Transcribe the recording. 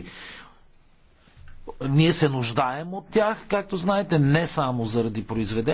потребители. Ние се нуждаем от тях, както знаете, не само заради произведения,